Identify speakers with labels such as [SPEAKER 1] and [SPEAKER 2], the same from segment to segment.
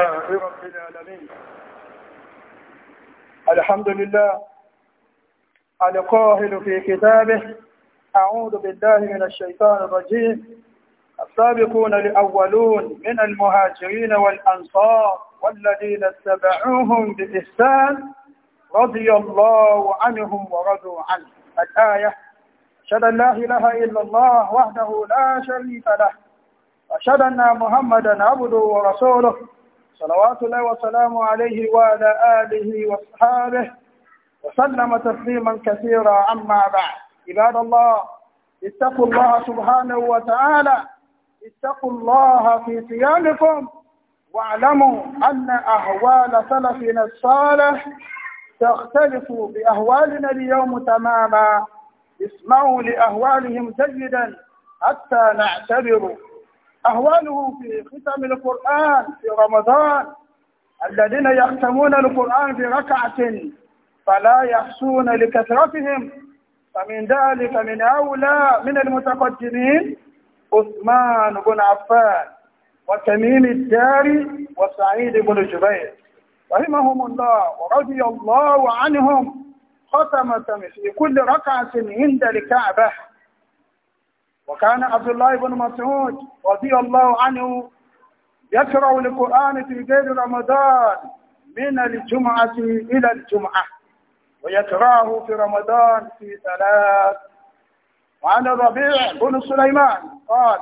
[SPEAKER 1] رب العالمين الحمد لله القاهر في كتابه أعوذ بالله من الشيطان الرجيم السابقون الأولون من المهاجرين والأنصار والذين اتبعوهم بإحسان رضي الله عنهم ورضوا عنه الآية أشهد أن لا إله إلا الله وحده لا شريك له أشهد أن محمدا عبده ورسوله صلوات الله وسلامه عليه وعلى آله وأصحابه وسلم تسليما كثيرا أما بعد عباد الله اتقوا الله سبحانه وتعالى اتقوا الله في صيامكم واعلموا أن أهوال سلفنا الصالح تختلف بأهوالنا اليوم تماما اسمعوا لأهوالهم جيدا حتى نعتبر أهواله في ختم القرآن في رمضان الذين يختمون القرآن بركعة فلا يحصون لكثرتهم فمن ذلك من أولى من المتقدمين عثمان بن عفان وتميم الداري وسعيد بن جبير رحمهم الله ورضي الله عنهم ختمة في كل ركعة عند الكعبة وكان عبد الله بن مسعود رضي الله عنه يقرأ القرآن في غير رمضان من الجمعة إلى الجمعة ويقرأه في رمضان في ثلاث وعن الربيع بن سليمان قال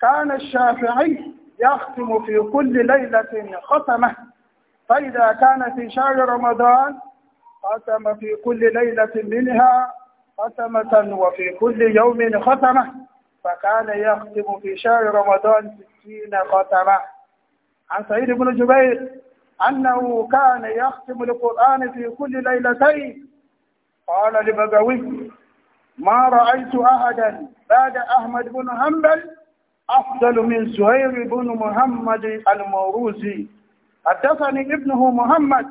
[SPEAKER 1] كان الشافعي يختم في كل ليلة ختمة فإذا كان في شهر رمضان ختم في كل ليلة منها ختمة وفي كل يوم ختمة فكان يختم في شهر رمضان ستين ختمة عن سعيد بن جبير أنه كان يختم القرآن في كل ليلتين قال لبقوي ما رأيت أحدا بعد أحمد بن حنبل أفضل من زهير بن محمد الموروزي حدثني ابنه محمد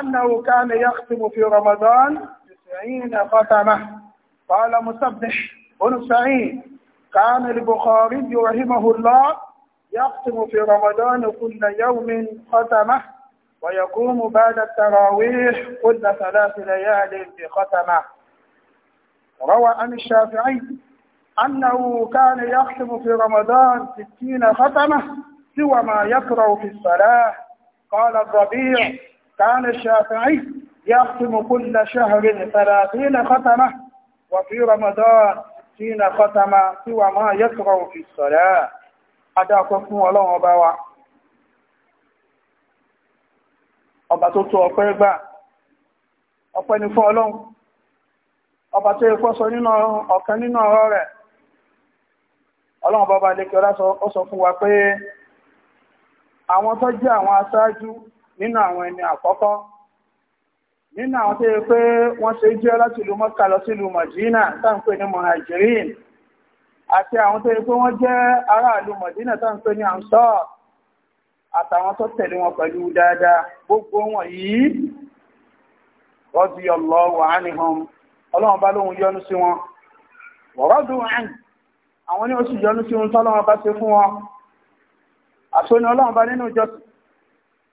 [SPEAKER 1] أنه كان يختم في رمضان تسعين ختمة قال مسبح بن سعيد كان البخاري رحمه الله يختم في رمضان كل يوم ختمه ويقوم بعد التراويح كل ثلاث ليال بختمه روى عن الشافعي أنه كان يختم في رمضان ستين ختمة سوى ما يقرأ في الصلاة قال الربيع كان الشافعي يختم كل شهر ثلاثين ختمة وفي رمضان حين ختم سوى ما يكره في الصلاة adáàkọ́ fún ọlọ́run ọba wa ọba tó tó ọpẹ́ gbà ọpẹ́ ni fún ọlọ́run ọba tó ikọ́ sọ nínú ọ̀kan nínú ọ̀rọ̀ rẹ̀ ọlọ́run bàbá lékẹ́ ó sọ fún wa pé àwọn tó jẹ́ àwọn aṣáájú nínú àwọn ẹni àkọ́kọ́ nínú àwọn tó yẹ pé wọ́n ṣe jẹ́ láti ìlú Mọ́kà lọ sí ìlú Mọ̀dínà táǹpé ní Muhajirin àti àwọn tó yẹ pé wọ́n jẹ́ aráàlú Mọ̀dínà táǹpé ní Ansar àtàwọn tó tẹ̀lé wọn pẹ̀lú dáadáa gbogbo wọn yìí radiyallahu anhum ọlọ́run bá lóhun yọ́nú sí wọn wọ̀rọ̀dù wọn àwọn ní oṣù yọ́nú sí wọn tọ́lọ́run bá ṣe fún wọn àṣọ ni ọlọ́run bá nínú ìjọsìn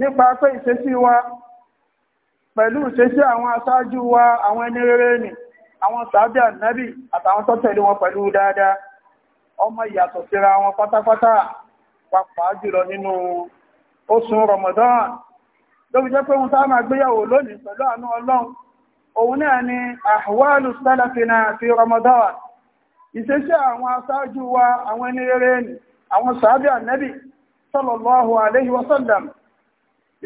[SPEAKER 1] nípa pé ìṣesí wa pẹ̀lú ìṣesí àwọn aṣáájú wa àwọn ẹni rere ni àwọn sàábì ànábì àtàwọn tó wọn pẹ̀lú dáadáa ọmọ ìyàtọ̀ síra wọn pátápátá pàápàá jùlọ nínú Ramadan lóbi jẹ́ pé ohun tá máa gbéyàwó lónìí pẹ̀lú àánú Ọlọ́run òun ni sálàfinà Ramadan ìṣesí àwọn wa àwọn ẹni rere ni àwọn ànábì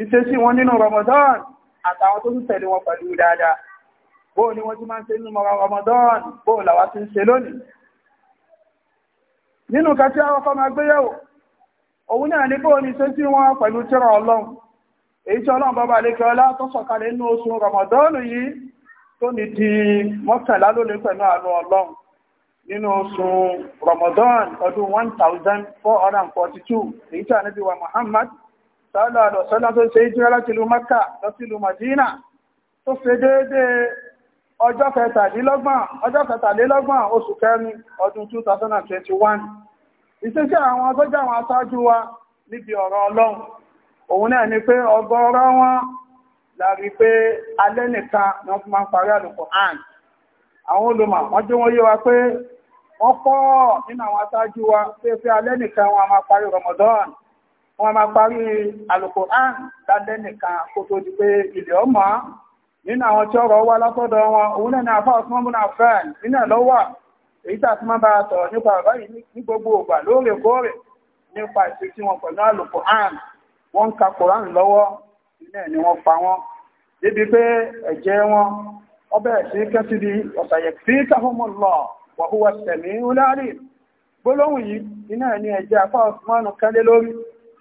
[SPEAKER 1] ìṣesí wọn nínú Ramadan àtàwọn tó ń tẹ̀lé wọn pẹ̀lú dáadáa bóò ni wọ́n ti máa ń ṣe nínú Ramadan bóò làwa ti ń ṣe lónìí nínú ká tí àwọn fọ́mọ agbéyẹ̀wò òun náà ní bóò ni ìṣesí wọn pẹ̀lú tírà Ọlọ́run èyí tí Ọlọ́run bọ́bá lékẹ́ ọlá tó sọ̀kalẹ̀ nínú oṣù Ramadan yìí tó ní di mọ́kànlá lónìí pẹ̀lú ọdún 1442 èyí tí Ànábì wa Muhammad sallallahu alaihi wasallam tó ṣe ìjírá láti ìlú maka lọ sí ìlú Madina tó ṣe déédéé ọjọ́ kẹtàdínlọ́gbọ̀n ọjọ́ kẹtàlélọ́gbọ̀n oṣù 2021 ìṣesí àwọn sójà àwọn aṣáájú wa níbi ọ̀rọ̀ Ọlọ́run òun náà ni pé wọn pé alẹ́ nìkan ni wọ́n fi máa ń parí Al-Qur'an àwọn olùmọ̀ wọ́n jẹ́ wa pé wọ́n wa pé Ramadan wọ́n máa parí Al-Qur'an lálẹ́ nìkan kó tó di pé ilẹ̀ ọmọ nínú àwọn tí ọ̀rọ̀ wá látọ̀dọ̀ wọn òun náà ni àfá ọ̀sán múnà fẹ́ẹ̀n nínú lọ́wọ́ èyí tà tí wọ́n bá sọ nípa báyìí ní gbogbo ògbà lóòrèkóòrè nípa ìṣesí wọn pẹ̀lú Al-Qur'an ka Koran lọ́wọ́ ni wọ́n wọn débi pé wọn ọbẹ̀ sí kẹ́sì ọ̀sàyẹ̀ lọ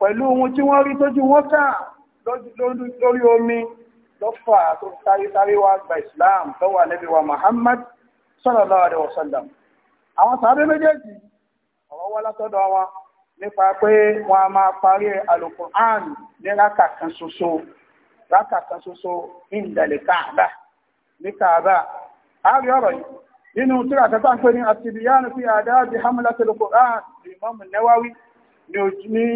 [SPEAKER 1] pẹ̀lú ohun tí wọ́n rí tójú wọ́n kà lórí omi lọ́fà tó sáré wá gba islam lọ́wọ́ ànábì wa àwọn sàábé méjèèjì ọ̀rọ̀ wá wọn nípa pé wọ́n a máa parí ní rákà kan ṣoṣo káàbà ní káàbà a rí ọ̀rọ̀ yìí nínú tíra ń pè ní àtìbíyàn fi mọ́mù nẹ́wáwí ní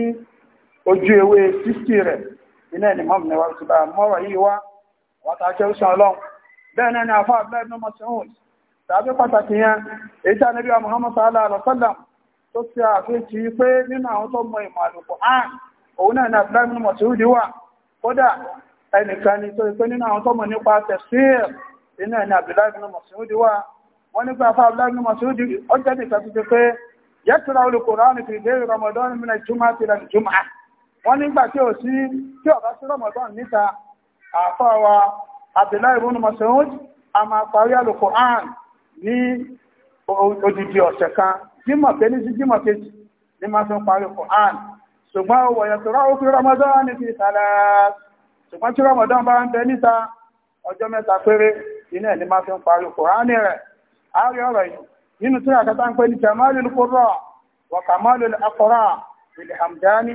[SPEAKER 1] ojú ewé 60 rẹ̀ iná ẹni mọ́m ni wọ́n ti bá mọ́rọ̀ yìí wá wọ́ta jẹ́rùsùn ọlọ́run bẹ́ẹ̀ ni ní tàbí pàtàkì yẹn èyí tí a níbi Muhammad sallallahu alaihi tó ti àfihì pé nínú àwọn tó mọ ìmọ̀ àlùkò án òun náà ni àbúlẹ̀ ní mọ̀sánwòdì wà kódà ẹnìkan ni tó pé nínú àwọn tó nípa tẹ̀síìr iná ní wà wọ́n nípa ní ọjọ́ nìkan ti pé yẹ́tura fi wọ́n nígbà tí ò sí tí ọ̀bá sí Ramadan níta àfáwa Abdullahi ibn Mas'ud a máa parí Al-Qur'an ní odidi ọ̀sẹ̀ kan jímọ̀ pé ní sí jímọ̀ kejì ní máa fi ń parí Qur'an ṣùgbọ́n wọ̀yẹ̀ Ramadan ní fi ìsàlẹ̀ ṣùgbọ́n tí Ramadan bá ń bẹ níta ọjọ́ mẹ́ta péré iná ẹ̀ ní máa fi ń parí Qur'an rẹ̀ àárí ọ̀rọ̀ yìí nínú tí àkátá ń pè ní Jamalul Qurra wa Kamalul Aqra Al-Hamdani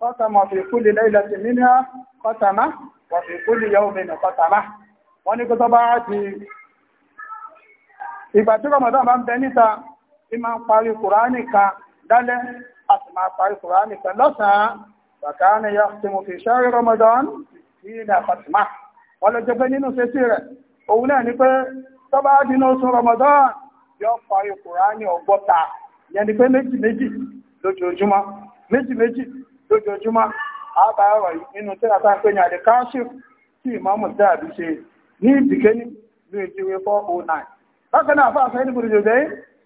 [SPEAKER 1] kọ́tàmà fi kúlì lẹ́ilẹ̀ ti nínú kọ́tàmà wà fi kúlì yau mẹ́nà kọ́tàmà wọ́n ní kó tọ́ bá ti ìgbà tí Ramadan bá ń bẹ níta tí máa ń parí kùránì kan dálẹ́ àti máa parí kùránì kan lọ́sàn-án bàkánà ya ti mo fi ṣárí Ramadan sí ilẹ̀ fatima wọ́n lọ jẹ́ pé nínú sẹ́sì rẹ̀ òun náà ni pé tọ́ bá dínú oṣù Ramadan yóò parí kùránì ọgọ́ta yẹn ni lójoojúmọ́ àbá ọ̀rọ̀ nínú tíra tá ń pè ní àdìkáṣíf tí ìmọ̀mù dáàbí ṣe ní ìdíkéní ní ìjíwé 409 bákan náà fáfẹ́ ní gbùdùjò jẹ́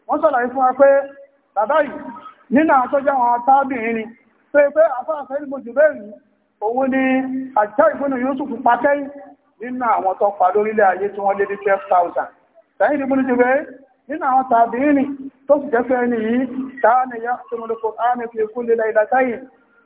[SPEAKER 1] wọ́n sọ̀rọ̀ fún wa pé bàbá yìí nínú àwọn àwọn tábìnrin ni tó pé afáfẹ́ ní gbùdùjò bẹ́ẹ̀ ni òun ni àjọ ìgbónú Yusuf pàtẹ́yì nínú àwọn tó pa lórílẹ̀ ayé tí wọ́n lé ní 12,000 sẹ́yìn ní gbùdùjò bẹ́ẹ̀ nínú àwọn tábìnrin tó sì ni yá tó mú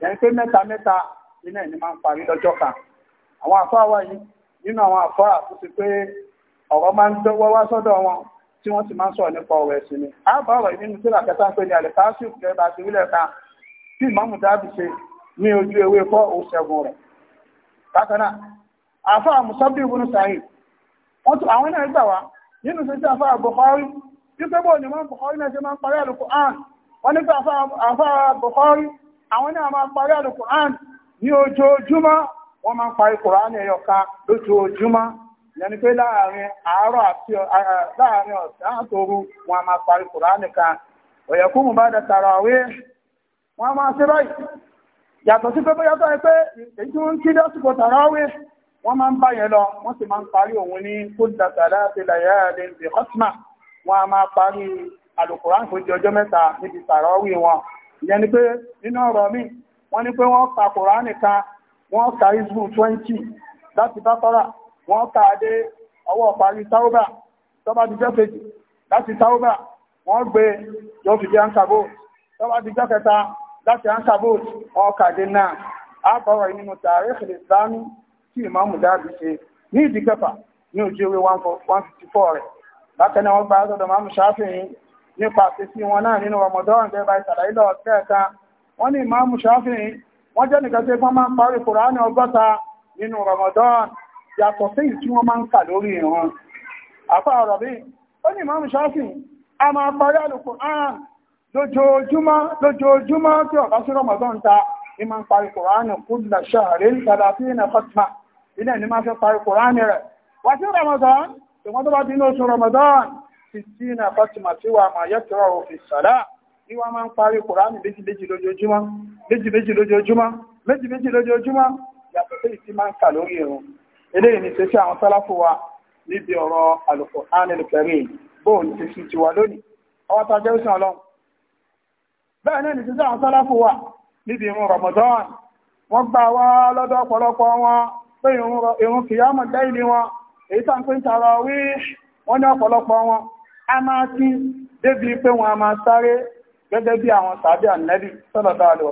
[SPEAKER 1] yẹn pé mẹ́ta mẹ́ta iná ẹni máa ń parí lọ́jọ́ kan àwọn àfáà wà yìí nínú àwọn àfáà tó ti pé ọ̀rọ̀ máa ń dọ́wọ́ wá sọ́dọ̀ wọn tí wọ́n ti máa ń sọ̀rọ̀ nípa ọ̀rọ̀ ẹ̀sìn ni a bá ọ̀rọ̀ nínú sílà kẹta ń pè ní àlẹ́fàásù kẹta àti orílẹ̀ kan tí ìmáàmù dábì ṣe ní ojú ewé fọ́ òṣègùn oh rẹ̀ bákan náà àfáà musabi ibùnú sahib wọ́n tún àwọn náà gbà wá nínú sí àfáà Bukhari wípé bóò ni wọ́n Bukhari náà ṣe máa ń parí àlùkò àn wọ́n nígbà àfáà Bukhari àwọn náà máa parí alùkùrán ní ojoojúmọ́ wọ́n máa parí kùrán ẹyọka lójoojúmọ́ yẹni pé láàrin àárọ̀ àti láàrin ọ̀sán àtòru wọ́n máa parí kùrán nìkan ọ̀yẹ̀kú mú bá dẹ tàràwé wọ́n máa ṣe báyìí yàtọ̀ sí pé bóyá tó ẹ pé èyí wọ́n ń kí lásìkò tàràwé wọ́n máa ń bá yẹn lọ wọ́n sì máa ń parí òun ní a ìyẹn ni pé nínú ọ̀rọ̀ mi wọ́n ní pé wọ́n ka kòránì kan wọ́n ka isbu 20 láti bákọ́rà wọ́n ka adé ọwọ́ parí taubá tọ́bá ti jẹ́ kejì láti taubá wọ́n gbé yóò fi jẹ́ ankabot tọ́bá ti jẹ́ kẹta láti ankabot wọ́n ka adé náà àbọ̀rọ̀ nínú tàríkì ìsìlámù tí ìmáàmù dábì ṣe ní ìdí kẹfà ní ojú ewé 154 rẹ̀ bákan náà wọ́n gba àtọ̀dọ̀ máàmù ṣáfihàn nípa àfisí wọn náà nínú Ramadan gẹ́gbà ìsàlàyé lọ kẹta wọ́n ní Imam Shafi'i wọ́n jẹ́ nìkan tí wọ́n máa ń parí Kùránì ọgọ́ta nínú Ramadan yàtọ̀ sí tí wọ́n máa ń kà lórí ìran àfà ọ̀rọ̀ bí ó ní Imam Shafi'i a máa parí Al-Qur'an Ramadan ta ní máa ń parí Kùránì kulla shahrin thalathina khatma ilé ní máa fẹ́ parí Kùránì Ramadan tí wọ́n tó Ramadan fìtínà fátimà tí wà máa yẹ́tọ́ òfin sàlá ní wọ́n máa ń parí kùránì méjìméjì lójoojúmọ́ méjìméjì lójoojúmọ́ méjìméjì lójoojúmọ́ yàtọ̀ sí ìtí máa ń kà lórí ẹ̀rùn eléyìí ni tẹ́sí àwọn sálàfù wa níbi ọ̀rọ̀ Al-Qur'an al-Karim bóò ní tẹ́sí ti wà lónìí ọwọ́ ta jẹ́ bẹ́ẹ̀ náà ni tẹ́sí àwọn sálàfù wa níbi ìrun Ramadan wọ́n gbà wá lọ́dọ̀ ọ̀pọ̀lọpọ̀ wọn pé ìrun kìyàmù dẹ́ìlì wọn èyí tá ń pín tààrà wí wọ́n ní ọ̀pọ̀lọpọ̀ wọn a máa kí débi pé wọn a máa sáré gẹ́gẹ́ bí àwọn tàbí ànẹ́bí sallallahu alaihi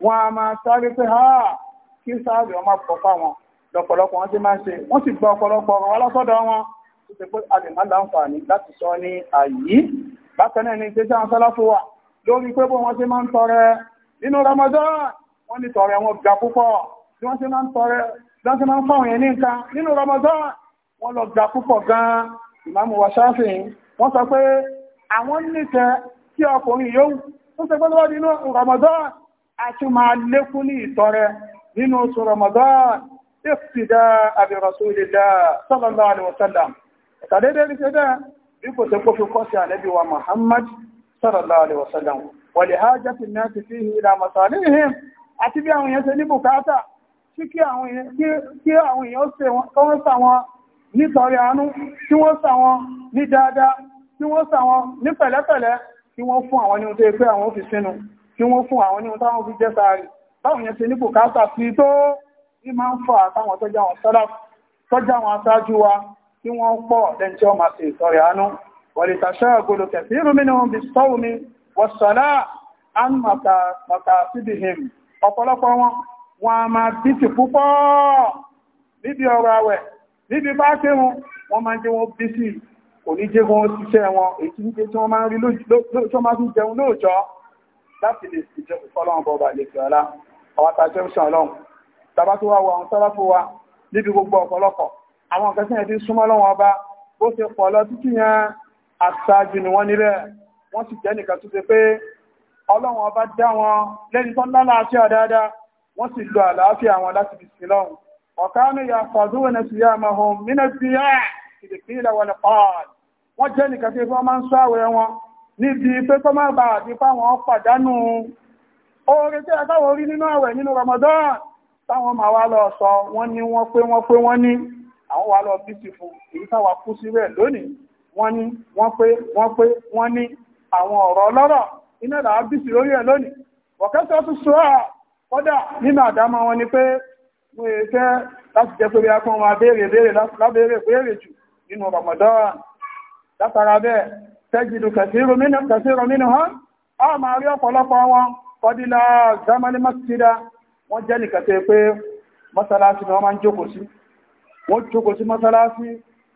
[SPEAKER 1] wọn a máa sáré pé ha kí sáré ọmọ pọ̀ fáwọn lọ́pọ̀lọpọ̀ wọn ti máa ń ṣe wọ́n sì gba ọ̀pọ̀lọpọ̀ ọ̀rọ̀ wọn tó ṣe pé a lè má láǹfààní láti sọ ní àyí bákan náà ni ìgbésẹ̀ àwọn sọ́lá fún wa lórí pé bó wọ́n ṣe máa ń tọrẹ nínú Ramadan wọ́n ní tọrẹ wọn ga púpọ̀ bí wọ́n ṣe máa ń tọrẹ bí wọ́n ṣe máa ń lọ ga púpọ̀ gan-an ìmáàmù wa ṣáfihìn wọ́n sọ pé àwọn nífẹ̀ẹ́ tí ọkùnrin yóò tó ṣe pé lọ́wọ́ nínú Ramadan àti máa lékún ní ìtọrẹ nínú oṣù Ramadan ìfìdá àbí Rasulillah sallallahu alaihi wasallam ìtàdédé ní ṣe fi kọ́ sí ànábì wa Muhammad nítorí àánú tí wọ́n ṣà wọ́n ní dáadáa tí wọ́n ṣà wọ́n ní pẹ̀lẹ́pẹ̀lẹ́ tí wọ́n fún àwọn ní ohun tó yẹ pé àwọn fi sínú tí wọ́n fún àwọn ní ohun táwọn fi jẹ́ sáré báwọn yẹn ṣe ní kò káàkà sí tó ní máa ń fà àtàwọn tọ́jà wọn sọ́dá tọ́jà wọn aṣáájú wa tí wọ́n pọ̀ lẹ́ni tí wọ́n máa ṣe ìtọrẹ àánú wọ̀lì tàṣẹ́ ògbòlò kẹ̀sí ìrùmí ni wọ́n fi sọ́wọ́ mi wọ̀sọ̀lá án màkà síbi him ọ̀pọ̀lọpọ̀ wọn wọn a máa bí ti púpọ̀ níbi ọ̀rọ̀ àwẹ̀ níbi bá ṣe wọn wọ́n máa jẹ́ wọ́n bí sí oníjẹ́ wọn ṣiṣẹ́ wọn èyí ní tí wọ́n máa ń rí lóòjọ́ máa tún jẹun lóòjọ́ láti lè ṣe fọ́lọ́run bọ́ọ̀bà lè fi ọ̀la ọwọ́ ta jẹ́ òṣìṣẹ́ ọlọ́run tàbá tó wá wọ àwọn sáláfò wa níbi gbogbo ọ̀pọ̀lọpọ̀ àwọn nǹkan sẹ́yìn tí súnmọ́ lọ́wọ́ wọ́n sì jẹ́ àlàáfíà wọn láti fi sin ọ̀kánú ya fàdú wọn sí yá máa hùn mínà sí yá ìdìkílẹ̀ wọn pààlì wọ́n jẹ́ nìkan tí wọ́n máa ń sáwẹ̀ wọn níbi pé tó máa bá àti fáwọn pàdánù oore tí àtàwọn orí nínú àwẹ̀ nínú Ramadan táwọn máa wá lọ sọ wọ́n ní wọ́n pé wọ́n pé wọ́n ní àwọn wà lọ bí ti fún èyí táwà kú sí rẹ̀ lónìí wọ́n ní wọ́n pé wọ́n pé wọ́n ní pé wọ́n yẹ fẹ́ láti jẹ́ pé bíyá kún wọn béèrè béèrè lábẹ́rẹ́ péèrè jù nínú Ramadan látara bẹ́ẹ̀ tẹ́jìdù kẹsìrò mínú hàn á máa rí ọ̀pọ̀lọpọ̀ wọn kọdílá zamani masjida wọ́n jẹ́ pé ni wọ́n máa ń jókòó wọ́n jókòó sí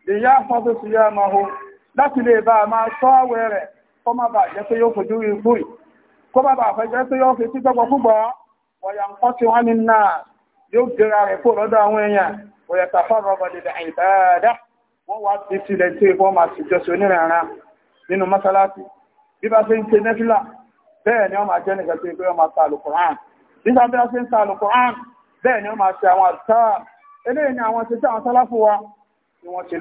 [SPEAKER 1] lè yá fọ́sọ́ sí yá ma hó láti lè bá máa sọ́ kọ́ má jẹ́ pé yóò fojú kọ́ má fẹ́ yóò gẹ́ra rẹ̀ kó lọ́dọ̀ àwọn èèyàn òyàtà fáwọn ọmọdé ìbáadá wọ́n wá ti sílẹ̀ tí wọ́n máa sì jọsọ onírànra nínú mọ́sálásí bí bá ṣe ń ṣe nẹ́fílà bẹ́ẹ̀ ni wọ́n máa jẹ́ nìkan tí wọ́n máa ta alukoran ni wọ́n máa ṣe àwọn àtúntà eléyìí ni àwọn ṣiṣẹ́ àwọn sálàfù wa ni wọ́n ti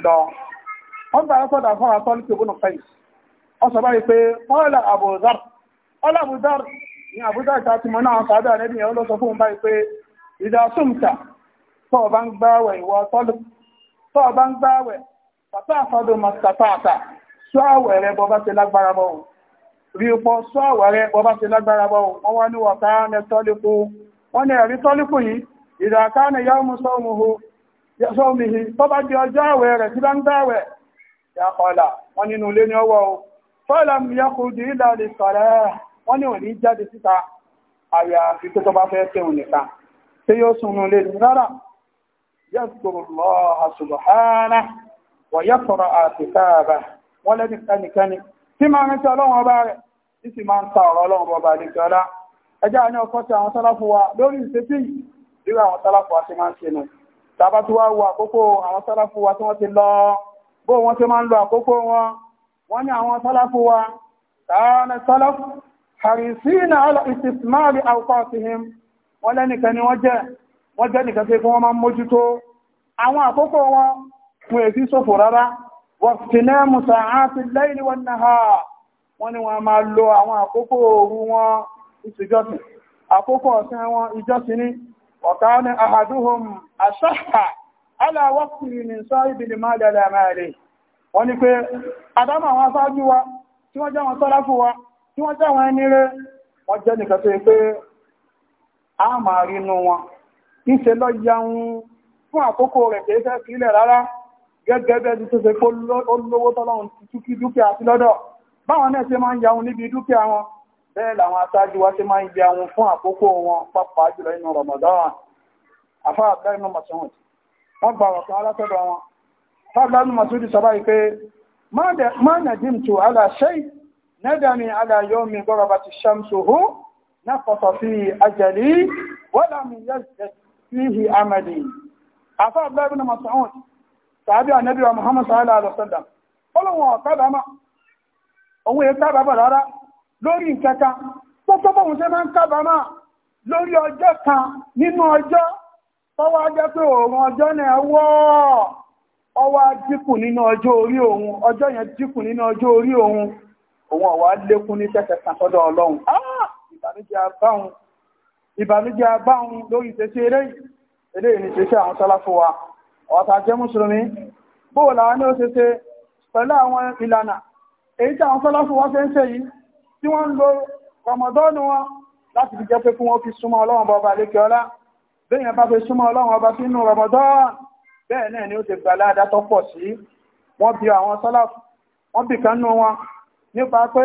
[SPEAKER 1] ni àbùzar ìta ti mọ náà sàádọ́ àlẹ́bí yẹn ló fún báyìí pé ìdásùmta tọ́ bá ń gbáwẹ̀ ìwọ tọ́lù tọ́ bá ń gbáwẹ̀ pàtà àfọ́dọ̀ mọ̀sàtàtà ṣọ́àwẹ̀ rẹ bọba ti lágbára bọ́ rí pọ́ ṣọ́àwẹ̀ rẹ bọba ti lágbára bọ́ wọ́n wá ní wọ̀ká ní tọ́lùkù wọ́n ní ẹ̀rí tọ́lùkù yìí ìdàká ní yọ́mù sọ́mùhì tó bá di ọjọ́ àwẹ̀ rẹ̀ tí bá ń gbáwẹ̀ yàkọ̀ọ̀là wọ́n nínú ilé ní o fọ́lọ̀m yọkùdì ìlàlẹ̀ sọ̀rẹ́ wọ́n ní òní jáde síta àyà àfi tó tó bá fẹ́ tẹ̀hùn nìkan tí yóò súnú lè rárá yadhkurullaha subhanahu wa yaqra'u kitabahu wọ́n lẹ́ni kanikani tí máa rántí ọlọ́run ọba rẹ̀ tí sì máa ń ta ọ̀rọ̀ ọlọ́run ọba àlejò ọlá ẹjá ní ọkọ̀ tí àwọn sálàfù wa lórí ìṣẹ́tì ìrírà wọ́n lẹ́nìkan ni wọ́n jẹ́ wọ́n jẹ́ nìkan tí wọ́n máa mójútó àwọn àkókò wọn wọ́n èsì rárá wọ́n ti musa àti wọn náà wọ́n ni wọ́n máa lo àwọn àkókò wọn ìsìjọsìn àkókò ọ̀sán wọn ìjọsìn ní ni ni wọn jẹ́ a máa rí inú wọn níṣẹ́ lọ yaun fún àkókò rẹ̀ kìí fẹ́ sílẹ̀ rárá gẹ́gẹ́ bẹ́ẹ̀ tó ṣe pé olówó tọ́lọ́run ti túkí dúkìá sí lọ́dọ̀ báwọn náà ṣe máa ń yaun níbi dúkìá wọn bẹ́ẹ̀ làwọn aṣáájú wa ṣe máa ń yaun fún àkókò wọn pàápàá jùlọ inú Ramadan afá àbúrẹ́ inú Mas'ud wọ́n gba ọ̀kan alátọ́dọ̀ wọn fábílá inú Mas'ud sọ báyìí pé má nàdìm tù aláṣẹ́ nẹ́dàmí aláyọ́mi gọ́rọ̀bà ti ṣàmṣòhó نقص فيه أجلي ولم يزدد فيه عملي عفا الله بن مسعود صحابي النبي محمد nínú ọjọ́ orí òun ọjọ́ yẹn nínú ọjọ́ orí òun òun lékún ní ìbànújẹ́ abáhun lórí ìṣẹ́ṣẹ́ eléyìí eléyìí ni ṣeṣẹ́ àwọn sàlàfù wa ọ̀tà jẹ́ mùsùlùmí bóòlà ní ó ṣeṣe pẹ̀lú àwọn ìlànà èyí tí àwọn sàlàfù wa fẹ́ ń ṣe yìí tí wọ́n ń lo rọmọdọ́nù wọn láti fi jẹ́ pé kí wọ́n fi súnmọ́ ọlọ́run ọba lékẹ́ ọlá bẹ́yẹn bá fi súnmọ́ ọlọ́run ọba sínú rọmọdọ́n bẹ́ẹ̀ náà ni ó ti gbà láàdá tó pọ̀ sí wọ́n bi àwọn sàlàfù wọ́n bì kan nú wọn nípa pé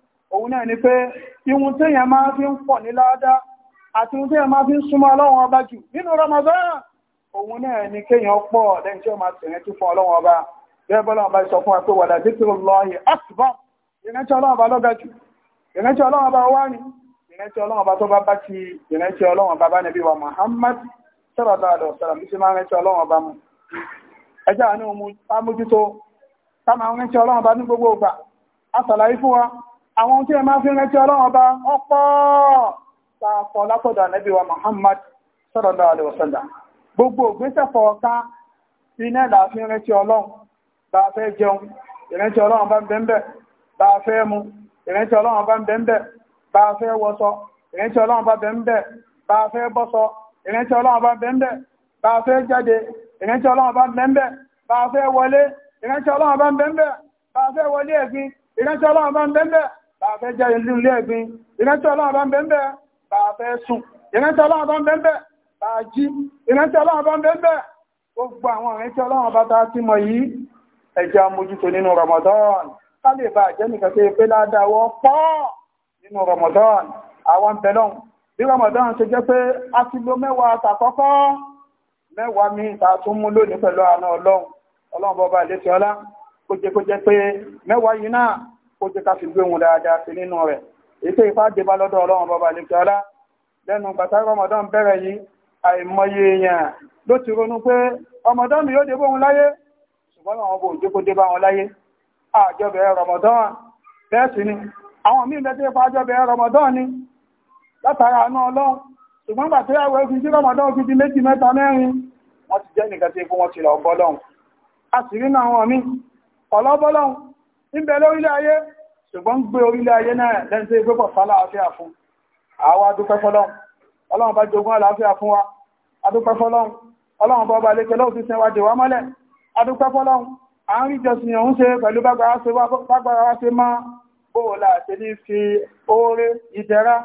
[SPEAKER 1] òun náà ni pé ihun téèyàn máa fi ń pọ̀ ní ládá àti ohun téèyàn máa fi ń súnmọ́ ọlọ́run ọba jù nínú Ramadan òun náà ni kéèyàn pọ̀ lẹ́yìn tí ó máa tẹ̀yẹn tó fún ọlọ́run ọba bẹ́ẹ̀ bọ́lá ọba sọ fún wa pé wàlá zikrullahi akbar ìrántí ọlọ́run ọba lọ́gà jù ìrántí ọlọ́run ọba wá àwọn tí ẹ máa fi rántí ọlọ́run ọba ọpọ́ pàápọ̀ látọ̀dọ̀ ànábì wa Muhammad sallallahu alaihi wasallam gbogbo ògbésẹ̀ fọ̀ọ̀ká iná là fi rántí ọlọ́run bá fẹ́ jẹun ìrántí ọlọ́run bá ń bẹ́ńbẹ̀ bá fẹ́ mu ìrántí ọlọ́run bá ń bẹ́ńbẹ̀ bá fẹ́ wọṣọ ìrántí ọlọ́run bá bẹ́ńbẹ̀ bá fẹ́ bọ́ṣọ ìrántí ọlọ́run bá bẹ́ńbẹ̀ bá fẹ́ jáde ìrántí ọlọ́run bá bẹ́ńbẹ̀ bá fẹ́ wọlé ìrántí ọlọ́run bá bẹ́ńbẹ̀ bá fẹ́ wọlé ẹ̀gbin ìrántí ọlọ́run bá bẹ́ńbẹ̀ bàbá jẹ́ ìlú ilé ẹ̀gbin ìrántí ọlọ́run bá ń bẹ́ẹ̀ bàbá ẹ̀sùn ìrántí ọlọ́run bá ń bẹ́ẹ̀ bàbá jí ìrántí ọlọ́run bá ń bẹ́ẹ̀ gbogbo àwọn ìrántí ọlọ́run bá ta ti mọ̀ yìí ẹja mójútó nínú Ramadan ká lè bá jẹ́ nìkan tó pé ládàáwọ́ pọ̀ nínú Ramadan àwọn bẹ̀lọ́n bí Ramadan ṣe jẹ́ pé a ti lo mẹ́wàá àtàkọ́kọ́ mẹ́wàá mi ta tún mú lónìí pẹ̀lú àánú ọlọ́run ọlọ́run bọba ìlẹ́sìn ọlá kó jẹ́ kó jẹ́ pé mẹ́wàá yìí náà kó jẹ́ ká fi gbé wọn dáadáa sí nínú rẹ̀ ètò ìfá débá lọ́dọ̀ ọlọ́run bọ́ba àlejò ọlá lẹ́nu bàtà rọmọdán bẹ̀rẹ̀ yìí àìmọye èèyàn ló ti ronú pé ọmọdán mi yóò débó wọn láyé ṣùgbọ́n àwọn ọbọ̀ òjò kó débá wọn láyé àjọbẹ̀ẹ́ rọmọdán bẹ́ẹ̀ sì ni àwọn míì lẹ́tí ipa àjọbẹ̀ẹ́ rọmọdán ni látara àánú ọlọ́run ṣùgbọ́n gbà tó yàwó ẹkùn sí rọmọdán fi di méjì mẹ́ta mẹ́rin wọ́n ti jẹ́ nìkan tí ikú wọn ti lọ bọ́lọ́run a sì rí náà wọn míì ọlọ́bọ́lọ́run níbẹ̀ lórílẹ̀ ayé ṣùgbọ́n gbé orílẹ̀ ayé náà lẹ́nṣẹ́ ìgbẹ́pọ̀ sálà àfíà fún àwa adúpẹ́ fọ́lọ́n ọlọ́run bá jogún àlàáfíà fún wa adúpẹ́ fọ́lọ́n ọlọ́run bá balẹ̀ kẹlọ́ ti sẹ́wà dèwà mọ́lẹ̀ adúpẹ́ fọ́lọ́n à ń rí jọsìn òun ṣe pẹ̀lú bágbára wá ṣe máa bóòlà àti ní fi oore ìdẹ̀ra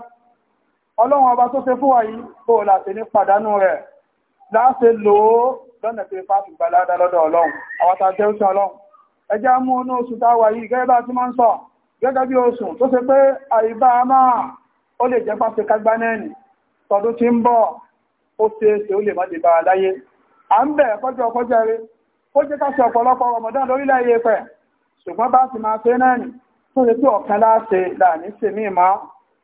[SPEAKER 1] ọlọ́run ọba tó ṣe fún wa yìí bóòlà àti ní pàdánù rẹ̀ láṣe lòó lọ́nà pé fáfi gbàládà lọ́dọ̀ ọlọ́run àwọn tàbí ọlọ́run ẹjá mú ní oṣù táwà yìí gẹ́gẹ́ bá ti máa ń sọ gẹ́gẹ́ bí oṣù tó ṣe pé àìbá máa ó lè jẹ́ pàṣẹ kágbá nẹ́ẹ̀nì tọdún tí ń bọ̀ ó ṣe ṣe ó a láyé à ń bẹ̀ kọjọ́ kọjọ́ rẹ ó jẹ́ ká ṣe ọ̀pọ̀lọpọ̀ lórílẹ̀ pẹ̀ ṣùgbọ́n bá ti máa ṣe nẹ́ẹ̀nì tó ṣe pé ọ̀kan láṣe láàní ṣe ìmá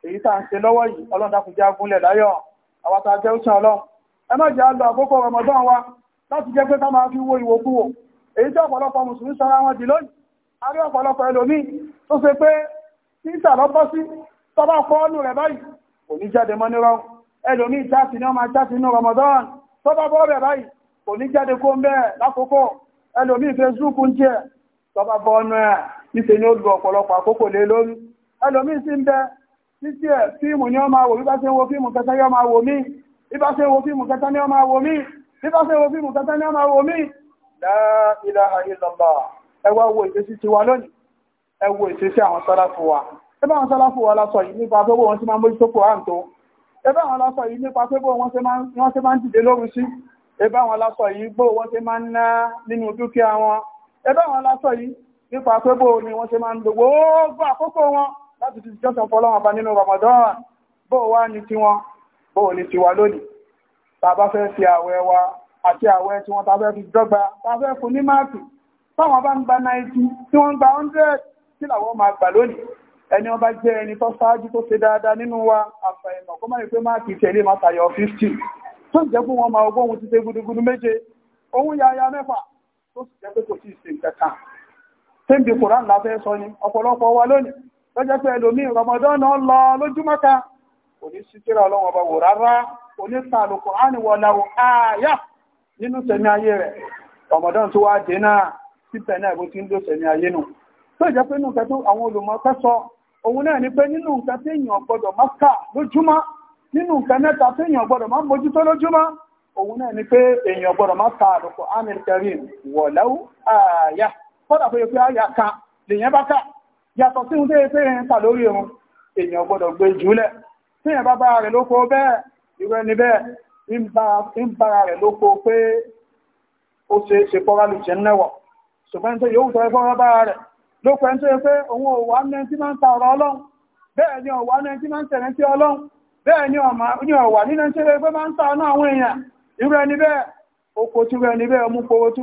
[SPEAKER 1] èyí tá à ń ṣe lọ́wọ́ yìí gúnlẹ̀ láyọ̀ àwọn tá a jẹ́ òṣìṣẹ́ ọlọ́run ẹ má jẹ́ àlọ́ àkókò Ramadan wa láti wo èyí tí ọ̀pọ̀lọpọ̀ mùsùlùmí sọ́ra wọn dì lónìí a rí ọ̀pọ̀lọpọ̀ ẹlòmí tó ṣe pé títà lọ́pọ̀ sí tọ́bá fọ́ọ̀lù rẹ̀ báyìí kò ní jáde mọ́ nírọ́ ẹlòmí jáde ní ọmọ jáde ní Ramadan tọ́bá bọ́ rẹ̀ báyìí kò ní jáde kó ń bẹ́ẹ̀ lákòókò ẹlòmí Facebook ń jẹ́ tọ́bá bọ́ ọ̀nà ẹ̀ níṣe ni ó lu ọ̀pọ̀lọpọ̀ àkókò lé lórí ẹlòmí sì ń bẹ títí ẹ̀ fíìmù ni ó máa wò bí bá ṣe ń wo fíìmù kẹta ni ó máa wò mí bí bá ṣe ń wo fíìmù kẹta ni ó máa la ilaha illallah ẹ wá wo ìṣesí tiwa lónìí ẹ wo ìṣesí àwọn sàláfù wa ẹ bá àwọn sàláfù wa lásọ yìí nípa pé bó wọn ṣe máa ń mójútó koran tó ẹ bá àwọn lásọ yìí nípa pé bó wọn ṣe máa ń dìde lóru sí ẹ bá àwọn lásọ yìí bó wọn ṣe máa ń ná nínú dúkìá wọn ẹ bá àwọn lásọ yìí nípa pé bó ni wọn ṣe máa ń lo gbogbo àkókò wọn láti fi jọ́sàn fọlọ́wọn bá nínú Ramadan bó wá ní tiwọn bó ní tiwa a bá fẹ́ àti àwẹ̀ tí wọ́n tafẹ́ fi dọ́gba tafẹ́ fún ní máàkì táwọn bá ń gba 90 tí wọ́n ń gba 100 kí làwọn máa gbà lónìí ẹni ọba jẹ́ ẹni tó ṣáájú tó ṣe dáadáa nínú wa àfàìmọ̀ kó má rí pé máàkì tẹ̀lé máa tayọ 50 tó ń jẹ́ fún wọn máa ọgbọ́n ti ṣe gudugudu méje ohun yaya mẹ́fà tó sì jẹ́ pé kò sí ìsìn kẹta tí ń bi Kùrán la fẹ́ sọ ni ọ̀pọ̀lọpọ̀ wa lónìí tó jẹ́ pé ẹlòmíì Ramadan lọ lójúmọ́ kan kò ní sí kíra ọlọ́wọ́n ọba wò rárá kò ní sàlùkù á ní wọ̀lá àyà nínú sẹ̀mí ayé rẹ̀ ọmọdán tó wá dé náà sípẹ̀ náà bó ti ń lò sẹ̀mí ayé nù tó jẹ́ pé nǹkan tó àwọn olùmọ̀ọ́kẹ́ sọ òun náà ni pé nínú nǹkan tí èèyàn gbọ́dọ̀ má kà lójúmọ́ nínú nǹkan mẹ́ta tí èèyàn gbọ́dọ̀ má mójútó lójúmọ́ òun náà ni pé èèyàn gbọ́dọ̀ má kà àlùkò amir karim wọ̀lẹ́wù àyà kọ́dà pé pé ń bára rẹ̀ ló kó pé ó ṣe ṣe pọ́ra lè jẹ́ nẹ́wọ̀ bara yóò tọ́ ẹgbọ́n bára rẹ̀ ló pẹ́ tó yẹ pé òun ò wá máa ń ta ọ̀rọ̀ ọlọ́run bẹ́ẹ̀ ni ọ̀wá máa ń ni ọ̀wà nínú pé máa ń ta ọ̀nà àwọn ẹni bẹ́ẹ̀ oko tí rẹ̀ bẹ́ẹ̀ mú poro tí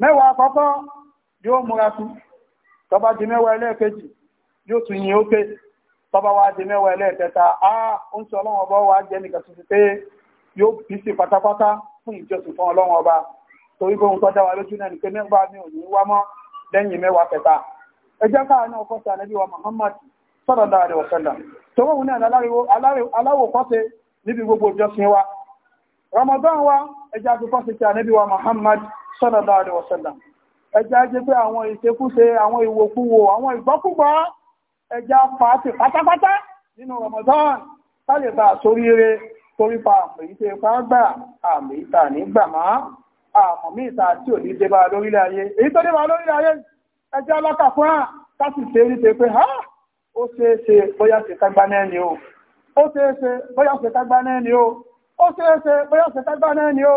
[SPEAKER 1] mẹ́wàá àkọ́kọ́ yóò múra sí tọba di mẹ́wàá ẹlẹ́ẹ̀kejì yóò tún yìn ókè tọba wá di mẹ́wàá ẹlẹ́ẹ̀kẹta a ó ń sọ ọba wá jẹ́ nìkan tuntun pé yóò bí sí pátápátá fún ìjọsìn fún ọba torí bóun tọ́jà wa lójú náà nìkan mẹ́wàá mi ò ní wá mọ́ lẹ́yìn mẹ́wàá kẹta sallallahu alaihi wasallam ẹjá jẹ́ pé àwọn ìṣekúṣe àwọn ìwòkúwò àwọn ìgbọ́kúgbọ́ ẹjá pàtì pátápátá nínú Ramadan tálẹ̀ bá soríire torí pa àmìyíṣe pàágbà àmì ìta nígbàmá àmọ̀mí ìta tí ò ní débà lórílẹ̀ ayé èyí tó débà lórílẹ̀ ayé ẹjá lọ́kà fún à láti ṣe rí ṣe pé ó ṣeéṣe bóyá ṣe tágbá náà ni ó ó ṣeéṣe bóyá ṣe tágbá náà ni ó ó ṣeéṣe bóyá ṣe tágbá náà ni ó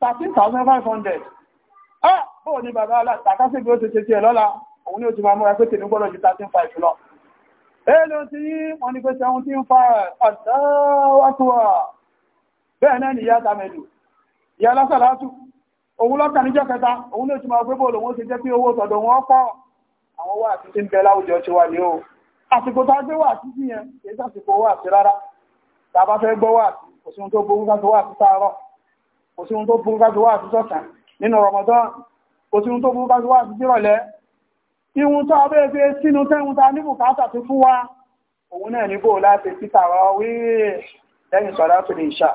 [SPEAKER 1] 13,500 ah bóò ní bàbá alátàkásí bí ó ti ṣe ti ẹ̀ lọ́la òun ni ó ti máa múra pé tèmi gbọ́dọ̀ ju 13,500 lọ èèlò tí wọ́n ni pé 17,500 àtàwàtúwà bẹ́ẹ̀ náà ni ìyá tàmẹ̀lù ìyá lásàlátù òun lọ́kà níjọ́ ni ó ti máa gbé bóòlù wọn ti jẹ́ pé owó tọ̀dọ̀ wọn pọ̀ àwọn wà tí ti ń bẹ láwùjọ ti wà ní o àsìkò tá gbé wà sí yẹn kì í sàsìkò wà sí rárá tàbá fẹ́ gbọ́ wà sí òsùn tó kò sí ohun tó burú kájú wá àtúntọ̀ sàn nínú Ramadan kò sí ohun tó burú kájú wá àtúntọ̀ rọ̀lẹ́ ihun tó abẹ́ fi sínú tẹ́hun ta ní bùkátà ti fún wa òun náà ní bó láti kí tàràwí lẹ́yìn sọ̀rọ̀ láti lè ṣà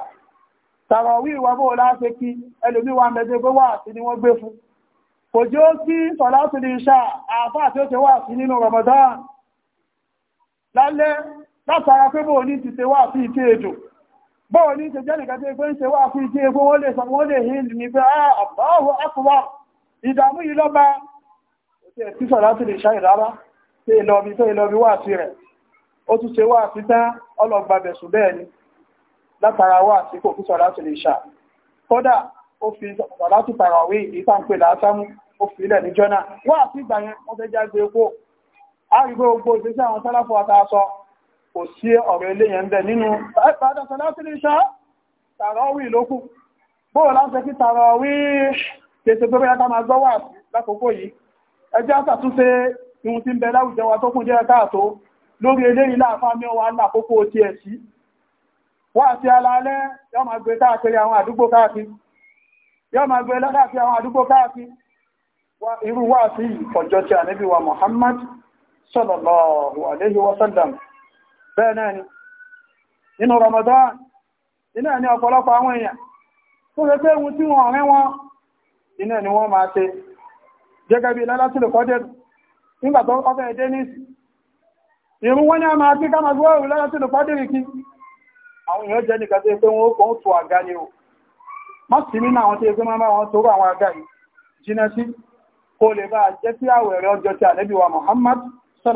[SPEAKER 1] tàràwí ìwà bó láti kí ẹlòmí wa mẹ́jẹ pé wà sí ni wọ́n gbé fún kò jẹ́ ó kí sọ̀rọ̀ láti lè ṣà àfá àti ó ti wà sí nínú Ramadan lálẹ́ látara pé bó ní ti ṣe wà sí ìkéèdò bọ́ọ̀ ní ṣe jẹ́ nìkan tí pé ń ṣe wá fún ìdí egbó wọ́n lè sọ wọ́n lè hìn ní pé àbáwọ̀ akọwà ìdàmú yìí lọ bá ṣe tíṣọ̀ láti lè ṣáì rárá ṣe ìlọ́bí tó ìlọ́bí wà sí rẹ̀ ó tún ṣe wá sí tán ọlọ́gbàbẹ̀sùn bẹ́ẹ̀ ni látara wà sí kò fíṣọ̀ láti lè ṣà kódà ó fi sọ̀rọ̀ láti tàràwé ìtàǹpẹ̀ látàmú ó fi ilẹ̀ ní jọ́nà wà sí ìgbà yẹn wọ́n fẹ́ jáde epo á rí gbogbo ìgbésẹ̀ àwọn sálàfọ́ àtàṣọ kò sí ọ̀rọ̀ eléyẹn bẹ̀ nínú pàdásọ láti lè ṣá tàràwí lókù bóò láti kí tàràwí tètè tó bẹ́yà ká máa gbọ́wà lákòókò yìí ẹjẹ́ àtàtúnṣe ihun tí ń bẹ láwùjọ wa tó kún jẹ́ káàtó lórí eléyìí láàfáàmí wa lákòókò ti ẹ̀ sí wà sí alálẹ́ yọ́ máa gbé wa Muhammad sallallahu alaihi wasallam bẹ́ẹ̀ náà ni nínú Ramadan iná ní ọ̀pọ̀lọpọ̀ àwọn èèyàn tó rẹ pé ohun tí wọ́n rẹ́ wọn iná ni wọ́n máa ṣe gẹ́gẹ́ bí lálátìlù kọ́dẹ̀dù nígbà ẹ̀dẹ́ ní ìrún wọ́n ní a máa fi ká máa gbọ́rù lálátìlù kọ́dẹ̀rì kí àwọn èèyàn jẹ́ o má sì nínú àwọn máa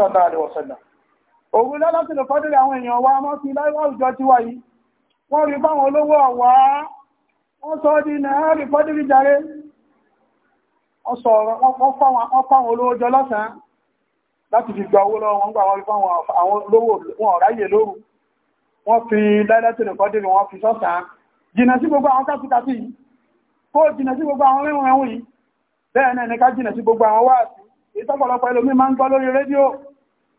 [SPEAKER 1] àwọn yìí òun lọ́lọ́sìnà fọ́dúrẹ̀ àwọn èèyàn wa mọ́ sí láìwá òjò tí wà yìí wọ́n rí báwọn olówó ọ̀wá wọ́n sọ di náà rí fọ́dúrẹ̀ jàre wọ́n fáwọn olówó jọ lọ́sàn láti fi gba owó lọ́wọ́ wọn gbà wọ́n rí fáwọn olówó wọn ráyè lóru wọ́n fi lẹ́lẹ́sìnà fọ́dúrẹ̀ wọn fi sọ́sàn jìnà sí gbogbo àwọn kásìkásì yìí kó jìnà sí gbogbo àwọn rẹ̀wọ̀n yìí bẹ́ẹ̀ náà ní ká jìnà sí gbogbo àwọn wáàsí ìtọ́pọ̀lọpọ̀ ẹlòmí máa ń gbọ́ lórí rédíò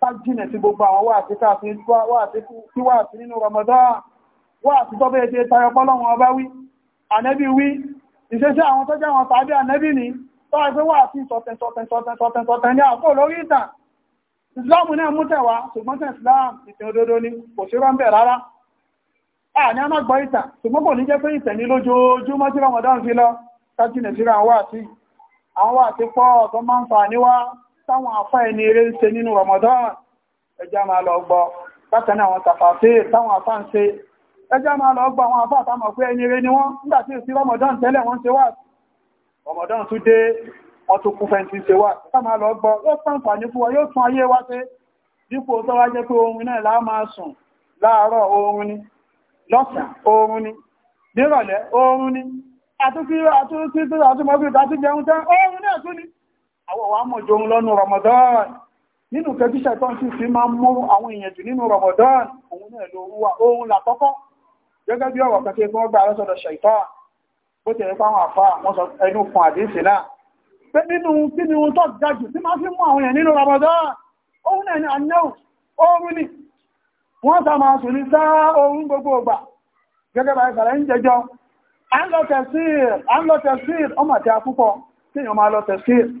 [SPEAKER 1] kájínà sí gbogbo àwọn wà sí káàfin tí wà sí nínú Ramadan wà sí tọ́bẹ̀ ẹ̀ṣẹ́ tayọ pọ́lọ́wọ́n ọba wí ànẹ́bí wí ìṣẹ́ṣẹ́ àwọn tó jẹ́ wọn tàbí ànẹ́bí ní tọ́wọ́ pé wà sí sọ̀tẹ̀sọ̀tẹ̀sọ̀tẹ̀ ní àkó lórí ìtàn Islam náà mú tẹ̀wá ṣùgbọ́n tẹ̀ Islam ìtẹ̀ òdodo ni kò sí rọ́m̀bẹ̀ rárá àní a máa gbọ́ ìtàn ṣùgbọ́n kò ní jẹ́ pé ìtẹ̀ ní lójoojúmọ́ tí Ramadan fi lọ kájínà sí àwọn wà sí àwọn wà sí pọ́ ọ̀tọ́ máa ń táwọn afá ẹni eré ń ṣe nínú Ramadan ẹjá máa lọ gbọ́ bákan náà àwọn tàfàfé táwọn afá ń ṣe ẹjá máa lọ gbọ́ àwọn afá àtàmọ̀ pé ẹni eré ni wọ́n nígbà tí sí Ramadan tẹ́lẹ̀ wọ́n ṣe wà Ramadan tún dé wọ́n tún kún fẹ́ntì ṣe wà ká máa lọ gbọ́ yóò tán fàní fún wa yóò tún ayé wá ṣe dípò tó wá jẹ́ pé oorun náà láà máa sùn láàárọ̀ oorun ni lọ́sàn oorun ni nírọ̀lẹ́ oorun ni àtúntí àtúntí àtúmọ̀gbìn àti jẹun tán oorun náà tún ni àwọn wa mọ̀ jòun lọ́nu Ramadan nínú kẹbíṣẹ́ tó ń sì fi máa mú àwọn èèyàn jù nínú Ramadan òun náà ló rúwà ohun làkọ́kọ́ gẹ́gẹ́ bí ọ̀rọ̀ kẹfẹ́ fún ọgbà alẹ́sọ̀dọ̀ ṣàìtọ́ bó tẹ̀lé fáwọn àfá wọn sọ ẹnu fún àdíṣẹ́ náà pé nínú kí ni ohun tó ga jù tí máa fi mú àwọn Ramadan òun náà ni anáwó oorun ni wọ́n sá máa sùn ní sá oorun gbogbo ọgbà gẹ́gẹ́ bá ìsàlẹ̀ ń jẹjọ à ń lọ tẹ̀síìr ọmọ àti akúkọ tí èèyàn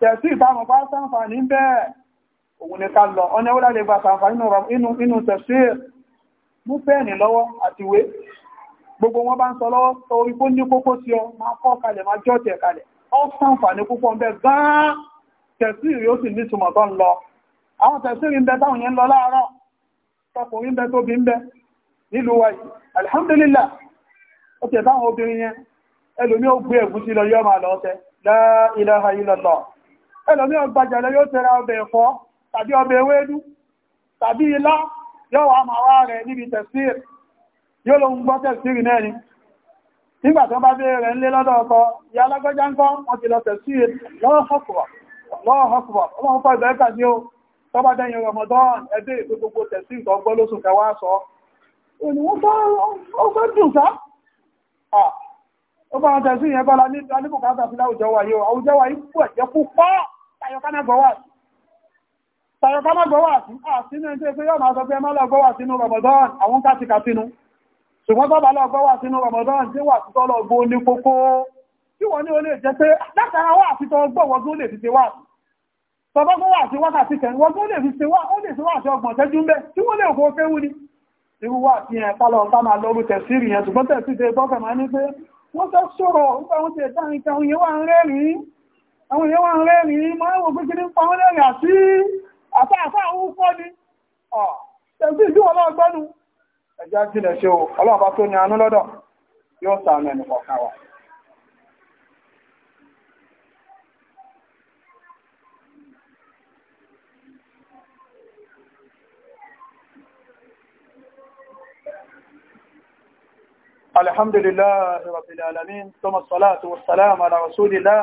[SPEAKER 1] tẹ̀sí ìbámu bá sáǹfàní bẹ́ẹ̀ òun ni ká lọ ọ́nà ó lálẹ́ gba sáǹfàní inú tẹ̀sí mú pẹ́ẹ̀nì lọ́wọ́ àtiwé gbogbo wọn bá ń sọ lọ́wọ́ tó ipò ní kókó sí ọ máa kọ́ kalẹ̀ máa jọ́ tẹ̀ kalẹ̀ ọ sáǹfàní púpọ̀ ń bẹ gan-an tẹ̀sí rí ó sì ní alhamdulillah ó tẹ̀ táwọn obìnrin yẹn ẹlòmí ó gbé ẹ̀gúsí lọ yọ́ máa lọ́ọ́tẹ́ la ilaha illallah ẹlòmí ọgbàjà lọ yóò tẹ́ra ọbẹ̀ ẹ̀fọ́ tàbí ọbẹ̀ ewédú tàbí ilá yóò wà máa wá rẹ̀ níbi tẹ̀síìrì yóò lóun gbọ́ tẹ̀síìrì náà ni nígbà bá bẹ́ẹ̀ rẹ̀ ńlé lọ́dọ̀ ọkọ ya tẹ̀sí ìyẹn bá ní alíbùkátà fi láwùjọ yóò àwùjọ wa pọ̀ ẹ̀jẹ̀ púpọ̀ tayọ̀kámẹ́ gbọ́wà sí àti ní ẹjẹ́ pé yọ́ máa sọ pé ẹmọ́ lọ gbọ́wà sínú Ramadan àwọn kásìkà sínú ṣùgbọ́n tọ́bà lọ gbọ́wà sínú Ramadan tí wà sí tọ́lọ gbó ní kókó tí wọ́n ní o lè jẹ́ pé látara wà sí tọ́ gbọ́wọ́ tó lè fi ṣe wà tọ́gbọ́gbọ́ wà sí wákàtí kẹrin wọ́n tó lè àwọn èèyàn wọ́n rẹ́rìn máa wò pé kí ní pa wọ́n lẹ́rìn àti àtàfà òun ni ẹ̀sí ìlú ọlọ́gbọ́nu ẹjá sílẹ̀ ṣe o ọlọ́ọ̀bá tó ní anú lọ́dọ̀ yóò sàánú ẹni kọ̀ọ̀kan wa alhamdulillah rabbil alamin thumma salatu wassalamu ala rasulillah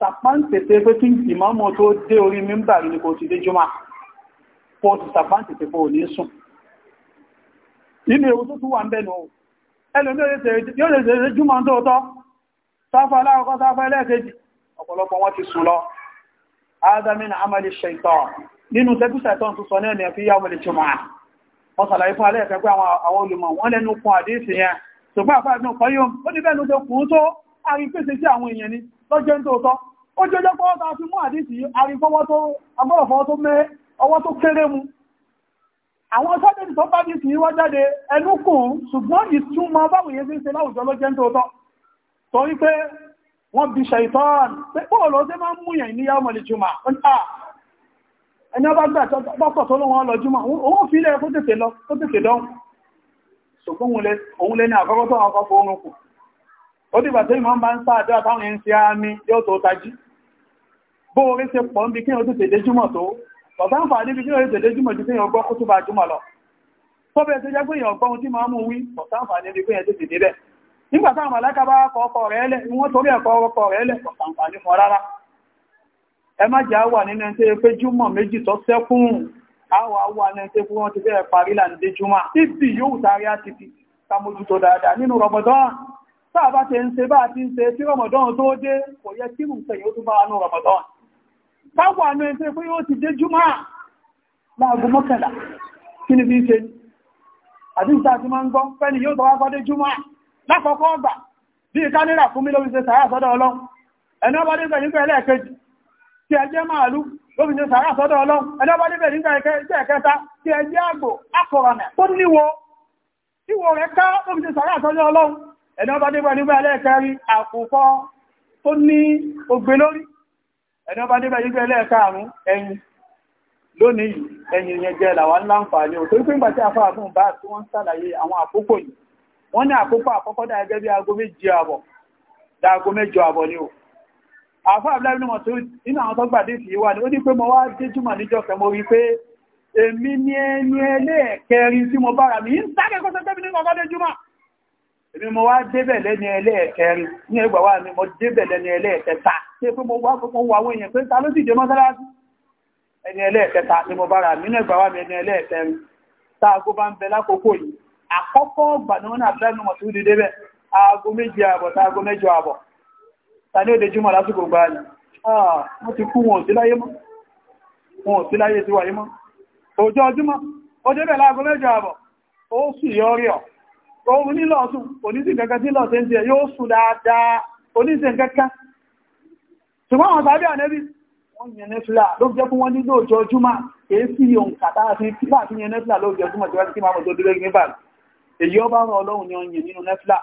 [SPEAKER 1] sàpá ń tètè pé kí ìmáàmù tó dé orí mímbà ní kò ti dé jọmà pọ̀ ti sàpá ń tètè pọ̀ ní sùn nínú ewu tó tún wà ń bẹ́nu ẹlòmí yóò lè ṣe jùmọ̀ tó tọ́ sáfà aláàkọ́ sáfà ẹlẹ́ẹ̀kejì ọ̀pọ̀lọpọ̀ wọn ti sùn lọ ádámínà amali ṣẹ̀tọ̀ nínú tẹ́gbùsẹ̀tọ̀ tó sọ ní ẹ̀nìyàn fi yá ọmọlè jùmọ̀ wọ́n sàlàyé fún alẹ́ẹ̀kẹ́ pé àwọn olùmọ̀ wọ́n lẹ́nu kún àdíṣì yẹn ṣùgbọ́n àfáàdùn kọ́yọ́ ó ní bẹ́ẹ̀ ló ṣe kùn tó àrífẹ́sẹ̀ sí àwọn èèyàn ni lọ́jẹ́ ń tóótọ́ ó jẹ́ ọjọ́ pọ́wọ́ ta fi mú àdísì agbọ́rọ̀fọwọ́ tó mẹ́ ọwọ́ tó kéré mu àwọn sọ́dẹ̀dì tó bá dìsì wá jáde ẹnu kùn ṣùgbọ́n ìtumọ̀ báwọn yẹn sí ń ṣe láwùjọ ló jẹ́ ń tóótọ́ torí pé wọ́n bí ṣàìtọ́n pé pọ́ọ̀lọ́ sí máa ń mú yẹn níyà ọmọ ìjùmọ̀ ẹni ọba gbà tọ́pọ̀ tó lọ́wọ́ lọ jùmọ̀ òun fi ilẹ̀ kó tètè lọ ṣùgbọ́n òun lẹ́ni àkọ́kọ́ tó àwọn akọ́kọ́ orun kù ó dìgbà tí ìmọ̀ bá ń sáàdọ́ àtàwọn ẹni tí a ní yóò tó tají bó orí ṣe pọ̀ ń bí kí o ti tèdé jùmọ̀ tó ọ̀bá ń fà níbi kí o ti tèdé jùmọ̀ jù kí o gbọ́ kó tó bá jùmọ̀ lọ tó bẹ́ẹ̀ tó jẹ́ pé èèyàn gbọ́n tí máa mú wí ọ̀tá ń fà níbi kí o ti tèdé bẹ́ẹ̀ nígbà táwọn màláka bá kọ ọkọ rẹ̀ lẹ̀ wọ́n torí ẹ̀kọ́ ọkọ rẹ̀ lẹ̀ ọ̀tá ń fà ní fún rárá ẹ má jẹ́ àwà nínú ẹni tó yẹ pé jùmọ̀ méjì tó sẹ́kùn àwà àwà nínú ẹni tó fún wọn ti fẹ́ parí là ń dé jùmọ̀ títì yóò sáré sáàbá ṣe ń ṣe bá ti ń ṣe tí rọmọdán tó dé kò yẹ kí mùsẹ̀ yóò tún bá anú rọmọdán káwọ̀ àmì ẹ̀ṣẹ́ pé yóò ti dé júmọ́ láàgbó mọ́kànlá kí ni bí ṣe ní àdínsá ti máa ń gbọ́ fẹ́ni yóò tọwá kọ́dé júmọ́ lákọ̀ọ́kọ́ ọgbà bí i kánírà fún mi lóbi ṣe sàárà sọ́dọ̀ ọlọ́ ẹni ọba débẹ̀ nígbà ẹlẹ́ẹ̀kejì tí ẹ jẹ́ màálù lóbi ṣe sàárà sọ́dọ̀ ọlọ́ ẹni ọba débẹ̀ nígbà ẹ̀kẹta tí rẹ̀ ká lóbi ṣe sàárà sọ́dọ̀ ọlọ́run ẹ̀nà bá débà nígbà ẹlẹ́ẹ̀kẹ́rí àkùkọ tó ní ogbe lórí ẹ̀nà bá débà nígbà ẹlẹ́ẹ̀kẹ́rún ẹ̀yìn lónìí ẹ̀yìn yẹn jẹ́ làwà ńlá ń fà ní òtò ìpín ìgbà tí àfà àbùn bá tí wọ́n sàlàyé àwọn àkókò yìí wọ́n ní àkókò àkọ́kọ́ dá ẹgẹ́ bí aago méjì o àfà àbúlábí náà tó nínú àwọn tó gbà dé sí wà mo wá dé jùmọ̀ níjọ́ kẹ́ mo rí pé èmi ni ẹni ẹlẹ́ẹ̀kẹrin mo bára mi ń sáré kó sẹ́gbẹ́ mi ní èmi mo wá débẹ̀ lẹ́ni ẹlẹ́ẹ̀kẹrin ní ẹgbà wá mi mo débẹ̀ lẹ́ni ẹlẹ́ẹ̀kẹta tí pé mo wá fún wa àwọn èèyàn pé ta ló sì dé mọ́sálásí ẹni ẹlẹ́ẹ̀kẹta ni mo bára mi ní wá mi ẹni ẹlẹ́ẹ̀kẹrin tá aago bá ń bẹ lákòókò yìí àkọ́kọ́ ọgbà ni wọ́n ní àbúrẹ́ nu mọ̀tún di débẹ̀ aago méje àbọ̀ tá aago mẹ́jọ àbọ̀ ta ní òde júmọ̀ lásìkò gbà ni wọ́n ti kú wọn ò sí láyé mọ́ wọn ò sí láyé sí wáyé mọ́ òjò ọjúmọ́ ó débẹ̀ láago mẹ́jọ àbọ̀ ó sì yọ rí ọ̀ òun nílò ọ̀sùn oníṣẹ́ kankan tí lọ́tẹ́ jẹ yóò sùn dáadáa oníṣẹ́ kankan ṣùgbọ́n àwọn sàábí ànẹ́bí wọ́n yẹn nẹ́fìlà ló jẹ́ fún wọ́n nílò ọjọ́júmọ́ èé sí ohun kàtà àti kíbà tí yẹn nẹ́fìlà ló jẹ́júmọ́ tí wọ́n ti máa mọ̀ tó dúró ní bàbá èyí ọba rọ ọlọ́run ni ọyìn nínú nẹ́fìlà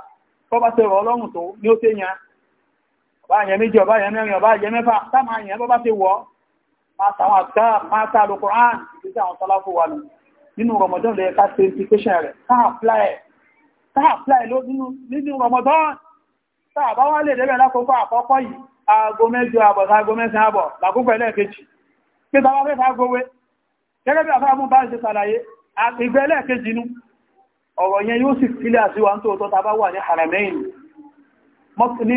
[SPEAKER 1] tó bá ṣe rọ ọlọ́run tó ní ó tẹ́yàn ọba yẹn méjì ọba yẹn mẹ́rin ọba yẹn mẹ́fà táàmà yẹn bọ́ bá ṣe wọ́ máa tàwọn àtà máa tà lókùnrán ìgbésẹ̀ àwọn sọlá fún wa nù nínú rọmọdún lè ká ṣe implication rẹ̀ ká apply táàpláì ló nínú Ramadan tàbá wá lè débẹ̀ lákòókò àkọ́kọ́ yìí aago mẹ́jọ àbọ̀ sáago mẹ́sàn àbọ̀ lákòókò ẹlẹ́ẹ̀kejì pé tàbá fẹ́ fàágowé gẹ́gẹ́ bí àfáàmú bá ọ̀rọ̀ yẹn yóò sì fílẹ̀ àti wà ń tóòtọ́ tàbá wà ní Haramain ní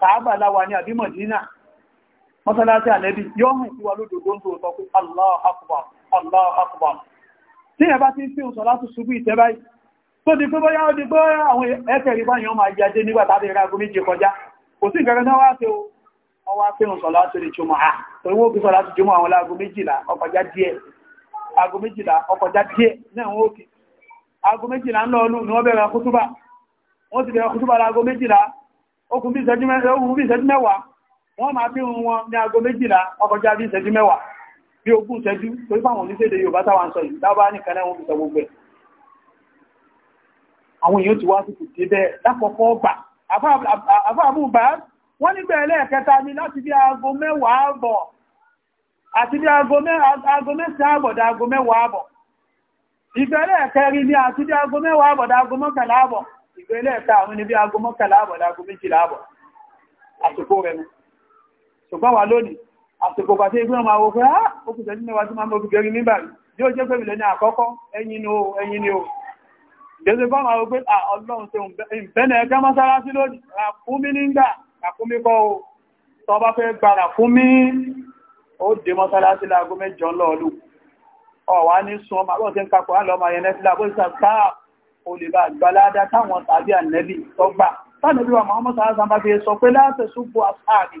[SPEAKER 1] Kàábà láwà ní àbí Mọ̀dínà mọ́sálásí yóò hàn sí wa lódòdó ń tóòtọ́ pé Allah akbar Allah akbar tó di pé bóyá ó di pé àwọn ẹ́kẹ̀rí bá yàn máa jáde nígbà tàbí ìragun méje kọjá kò sí ìgbẹ̀rẹ̀ náà wá pé o wọ́n wá pé òun sọ̀lá tó lè túmọ̀ à torí wọ́n fi sọ̀lá ti jùmọ̀ àwọn láago méjìlá ọkọjá díẹ̀ aago méjìlá ọkọjá díẹ̀ náà wọ́n òkè aago méjìlá ń lọ́ọ̀lù ni wọ́n bẹ̀rẹ̀ kútúbà wọ́n ti bẹ̀rẹ̀ kútúbà láago méjìlá okùn bí ìṣẹ́jú mẹ́wàá wọ́n máa bí wọn ní aago àwọn èèyàn ti wá sí kùtì bẹ́ẹ̀ lákọ̀ọ́kọ́ gbà àfáàbùbá wọ́n nígbà ẹlẹ́ẹ̀kẹta ni láti bí aago mẹ́wàá àbọ̀ àti bí aago mẹ́sàn àbọ̀ dá aago mẹ́wàá àbọ̀ ìgbà ẹlẹ́ẹ̀kẹrin ni àti bí aago mẹ́wàá àbọ̀ dá aago mọ́kànlá àbọ̀ ìgbà ẹlẹ́ẹ̀ka àwọn ni bí aago mọ́kànlá àbọ̀ dá aago méjìlá àbọ̀ àsìkò rẹ̀ nu ṣùgbọ́n wà lónìí àsìkò jẹ́sẹ̀ fọ́nà àwọn pé ọlọ́run tó ìbẹ́nà ẹgbẹ́ mọ́sálásí lónìí ràkúnmí nígbà ràkúnmí kọ́ o tó bá fẹ́ gba ràkúnmí ó dé mọ́sálásí láago mẹ́jọ lọ́ọ̀lù ọ̀wá ní sun ọmọ àwọn tí ń kapọ̀ àlọ́ ọmọ yẹn fílà bóyí sàkà ó lè bá gbalada táwọn tàbí ànẹ́bì tó gbà tánàbí wa mọ́ mọ́sálásí bá fi sọ pé láti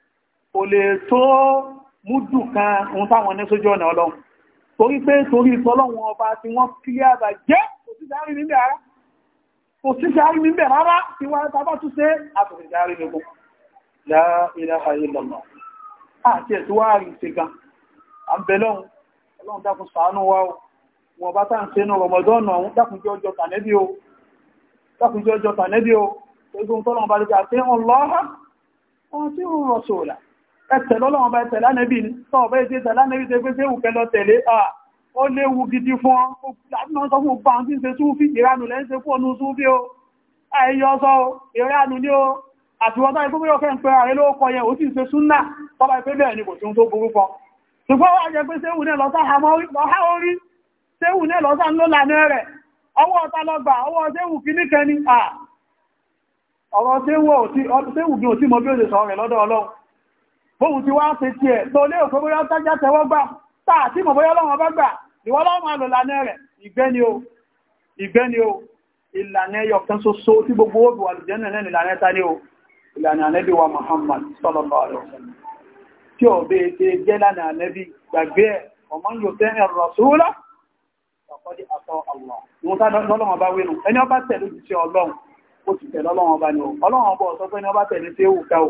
[SPEAKER 1] kò lè tó múdù kan ohun táwọn ní sójú ọ̀nà ọlọ́run torí pé torí ìtọ́lọ́wọ́n ọba tí wọ́n kílé àbà jẹ́ kò sí sáré níbẹ̀ rárá kò sí sáré níbẹ̀ rárá tí wọ́n tábà tún ṣe àtòkè sáré níbo la ilaha illallah àti ẹ̀tí wá rí ṣe gan àbẹ̀lọ́run ọlọ́run dákun o wọ́n bá tá ń ṣe ní Ramadan ọ̀hún dákùnjẹ́ ọjọ́ tànẹ́bí o dákùnjẹ́ ọjọ́ tànẹ́bí o egun tọ́lọ́run bá lè gbà pé ọlọ́ha ọ̀hún tí ẹ̀tẹ̀lọ́ lọ́wọ́ bá ẹ̀tẹ̀lá nẹ́bí ní sọ́ọ̀bá ètè ẹ̀tẹ̀lá nẹ́bí tẹ́ pé séwù kẹlọ tẹ̀lé à ó léwu gidi fún ọ láàrín sọ fún bá ń tí ń ṣe súnfí ìranù lẹ́ ń ṣe fún ọ̀nù súnfí o ẹ̀yọ sọ ìranù ní o àtiwọ́tá ikú mẹ́rọ kẹ́ ń pẹ́ ààrẹ ló kọ yẹn ó sì ṣe súnnà tọ́ba ìpé bẹ́ẹ̀ ni kò tí ń tó burú fọ ṣùgbọ́n wà jẹ́ pé séwù náà lọ́sà àmọ́ lọ́há orí séwù náà lọ́sà ń ló lànà rẹ̀ ọwọ́ ọ̀tá lọ́gbà ọwọ́ séwù kìíní kẹni ọ̀rọ̀ séwù bí ò tí mọ bí ó ṣe sọ rẹ̀ lọ́dọ̀ Ọlọ́run bóhun ti wá ń ṣe tí ẹ̀ tó lé òkú bóyá tájá tẹwọ́ gbà táà tí mọ̀ bóyá lọ́wọ́ bá gbà ìwọ́ lọ́wọ́ lò lànà rẹ̀ ìgbẹ́ni o ìgbẹ́ni o ìlànà ẹyọ kan ṣoṣo tí gbogbo obì wà lùjẹ́ náà ìlànà ẹta ní o ìlànà ànẹ́bí wa Muhammad sallallahu alaihi wasallam tí ò bẹ́ẹ̀ ṣe jẹ́ lánà ànẹ́bí gbàgbé ẹ̀ ọmọ yóò tẹ́ ẹ̀ rọ̀súlá ọ̀pọ̀dé Allah ìwọ̀n tá lọ́lọ́wọ́n bá wínú ẹni ọba tẹ̀lú ti ṣe ọlọ́run ó ti tẹ̀lọ́lọ́wọ́n bá ní o ọlọ́run ọba ọ̀sọ́ pé ní ọba tẹ̀lú tí ó wù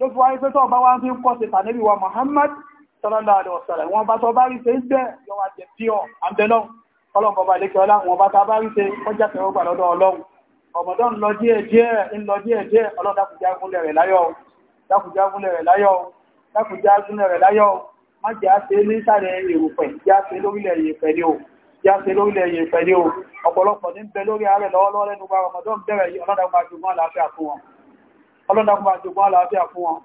[SPEAKER 1] ló fi wáyé pé tọ́ọ̀bá wá ń fi ń kọ́ sí tànẹ́bí wa Muhammad sallallahu alaihi wasallam wọn bá tọ́ bá rí ṣe ń bẹ́ yọwà jẹ tí ọ àbẹ̀lọ́n ọlọ́run bọba lékẹ́ ọlá wọn bá ta bá rí ṣe kọjá tẹ̀wọ́gbà lọ́dọ̀ ọlọ́run ọmọdọ́ ń lọ díẹ̀ díẹ̀ ń lọ díẹ̀ díẹ̀ ọlọ́run dákùjá gúnlẹ̀ rẹ̀ láyọ̀ dákùjá gúnlẹ̀ rẹ̀ láyọ̀ dákùjá gúnlẹ̀ rẹ̀ láyọ̀ má jẹ́ àṣẹ ní sàrẹ̀ èrùpẹ̀ jẹ́ àṣẹ lórílẹ̀ yèèpẹ̀ ni o jẹ́ àṣẹ lórílẹ̀ yèèpẹ̀ ni o ọ̀pọ̀lọpọ̀ ní ń bẹ lórí ààrẹ lọ́wọ́lọ́wọ́ lẹ́nu bá ọmọdọ́ ń bẹ̀rẹ̀ ọlọ́dàgbà jùmọ́ àlàáfíà fún wọn ọlọ́dàkùnbà àjògbọ́n àlàáfíà fún wọn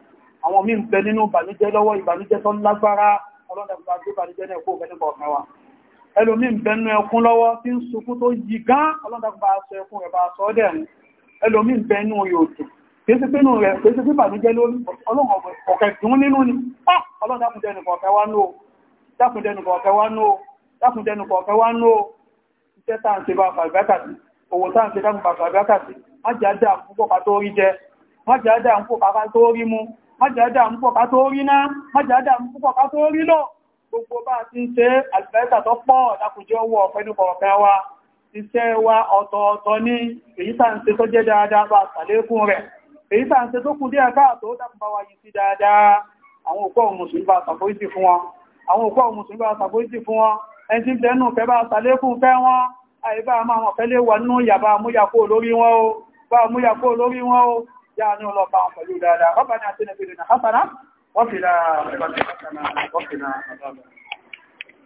[SPEAKER 1] àwọn míì ń bẹ nínú ìbànújẹ́ lọ́wọ́ ìbànújẹ́ tó lágbára ọlọ́dàkùnbà àjò ìbànújẹ́ náà kó bẹ̀rẹ̀ kọ̀ọ̀kan wa ẹlòmíì ń bẹnu ẹkún lọ́wọ́ tí ń sunkún tó yí gán ọlọ́dàkùnbà aṣọ ẹkún rẹ̀ bá aṣọ dẹ̀rùn ẹlòmíì ń bẹnu yòòtù kéèsì pínú rẹ̀ kéèsì pín ìbànújẹ́ lórí ọlọ́run ọ̀kẹ̀ dùn nínú ni ah! ọlọ́dàkùnjẹ́ nìkan ọ̀kẹ́ wá nóò dákùnjẹ́ nìkan ọ̀kẹ́ wá nóò dákùnjẹ́ nìkan ọ̀kẹ́ wá nóò iṣẹ́ táà ń ṣe bá fàgbákàtì owó táà ń ṣe dákùnbà fàgbákàtì má jẹ́ àdá púpọ̀ pàtó orí jẹ́ mọ́jàdá ń pọ̀ ká tó rí mú mọ́jàdá ń pọ̀ ká tó rí náà mọ́jàdá ń pọ̀ ká tó rí lọ gbogbo bá ti ń ṣe àlùbẹ́sà tó pọ̀ lákùnjẹ́ owó ọ̀pẹ́ wa iṣẹ́ wa ọ̀tọ̀ọ̀tọ̀ ní èyí tàà ṣe tó jẹ́ dáadáa bá sàlékún àwọn òkú ọ̀hún mùsùlùmí bá sàfóìsì fún wọn wọn ẹni bá sàlékún lórí wọn o jáàánú ọlọ́pàá wọn pẹ̀lú dáadáa rọ́bà ní àti nìfìdì náà hasana wọ́n fi láàrín ọ̀pọ̀